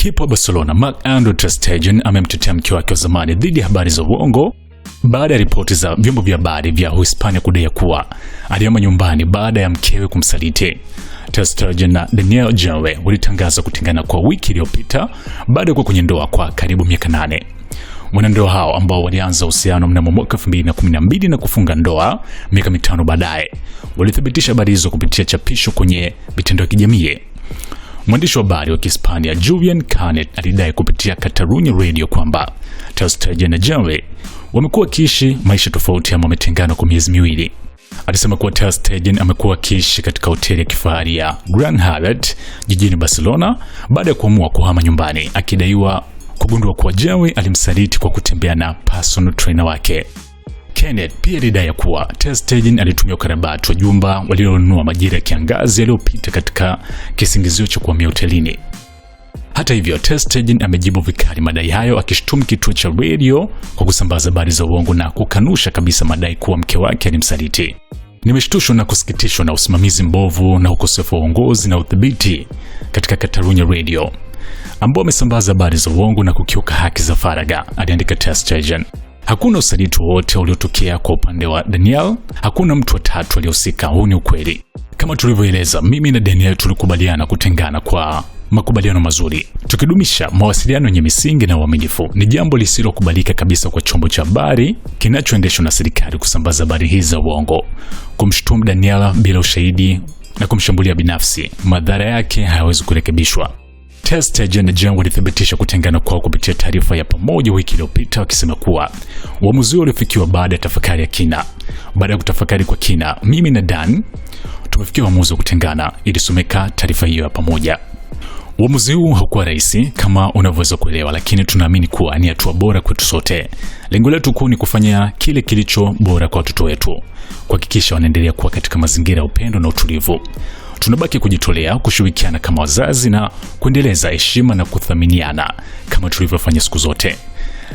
Kipa wa Barcelona Marc Andre ter Stegen amemtetea mke wake wa zamani dhidi ya habari za uongo baada ya ripoti za vyombo vya habari vya Uhispania kudai kuwa alihama nyumbani baada ya mkewe kumsaliti. Ter Stegen na Daniel Jawe walitangaza kutengana kwa wiki iliyopita baada ya kuwa kwenye ndoa kwa karibu miaka nane. Wanandoa hao ambao walianza uhusiano mnamo mwaka 2012 na kufunga ndoa miaka mitano baadaye walithibitisha habari hizo kupitia chapisho kwenye mitandao ya kijamii. Mwandishi wa habari wa Kihispania Julian Canet alidai kupitia Catalunya Radio kwamba Ter na Jerry wamekuwa wakiishi maisha tofauti ama wametengana kwa miezi miwili. Alisema kuwa Ter amekuwa akiishi katika hoteli ya kifahari ya Grand Hyatt jijini Barcelona baada ya kuamua kuhama nyumbani, akidaiwa kugundua kuwa Jerry alimsaliti kwa kutembea na personal trainer wake. Kenneth pia alidai ya kuwa Testegn alitumia ukarabati wa jumba walilonunua majira ya kiangazi yaliyopita katika kisingizio cha kuhamia hotelini. Hata hivyo, Testegn amejibu vikali madai hayo akishtum kituo cha redio kwa kusambaza habari za uongo na kukanusha kabisa madai kuwa mke wake alimsaliti. Nimeshtushwa na kusikitishwa na usimamizi mbovu na ukosefu wa uongozi na udhibiti katika Katarunya Radio ambao amesambaza habari za uongo na kukiuka haki za faragha, aliandika Testegn. Hakuna usaliti wowote uliotokea kwa upande wa Daniel. Hakuna mtu wa tatu aliyehusika. Huu ni ukweli. Kama tulivyoeleza, mimi na Daniel tulikubaliana kutengana kwa makubaliano mazuri, tukidumisha mawasiliano yenye misingi na uaminifu. Ni jambo lisilokubalika kabisa kwa chombo cha habari kinachoendeshwa na serikali kusambaza habari hizi za uongo, kumshutumu Daniela bila ushahidi na kumshambulia binafsi. Madhara yake hayawezi kurekebishwa. Testa jana jana walithibitisha kutengana kwao kupitia taarifa ya pamoja wiki iliyopita, wakisema kuwa uamuzi huo uliofikiwa baada ya tafakari ya kina. Baada ya kutafakari kwa kina, mimi na Dan tumefikia uamuzi wa kutengana, ilisomeka taarifa hiyo ya pamoja. Uamuzi huu haukuwa rahisi kama unavyoweza kuelewa, lakini tunaamini kuwa ni hatua bora kwetu sote. Lengo letu kuu ni kufanya kile kilicho bora kwa watoto wetu, kuhakikisha wanaendelea kuwa katika mazingira ya upendo na utulivu tunabaki kujitolea kushirikiana kama wazazi na kuendeleza heshima na kuthaminiana kama tulivyofanya siku zote.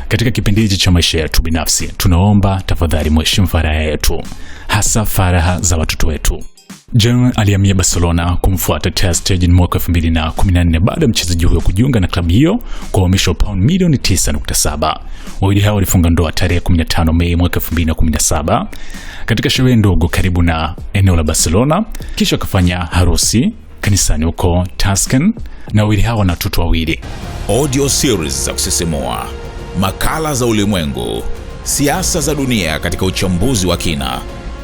Katika kipindi hiki cha maisha yetu binafsi, tunaomba tafadhali mheshimu faraha yetu, hasa faraha za watoto wetu. Gerard alihamia Barcelona kumfuata Ter Stegen mwaka 2014 baada ya mchezaji huyo kujiunga na klabu hiyo kwa uhamisho wa pauni milioni 9.7. Wawili hao walifunga ndoa tarehe 15 Mei mwaka 2017 katika sherehe ndogo karibu na eneo la Barcelona, kisha wakafanya harusi kanisani huko Tuscan, na wawili hao wana watoto wawili. Audio series za kusisimua, makala za ulimwengu, siasa za dunia katika uchambuzi wa kina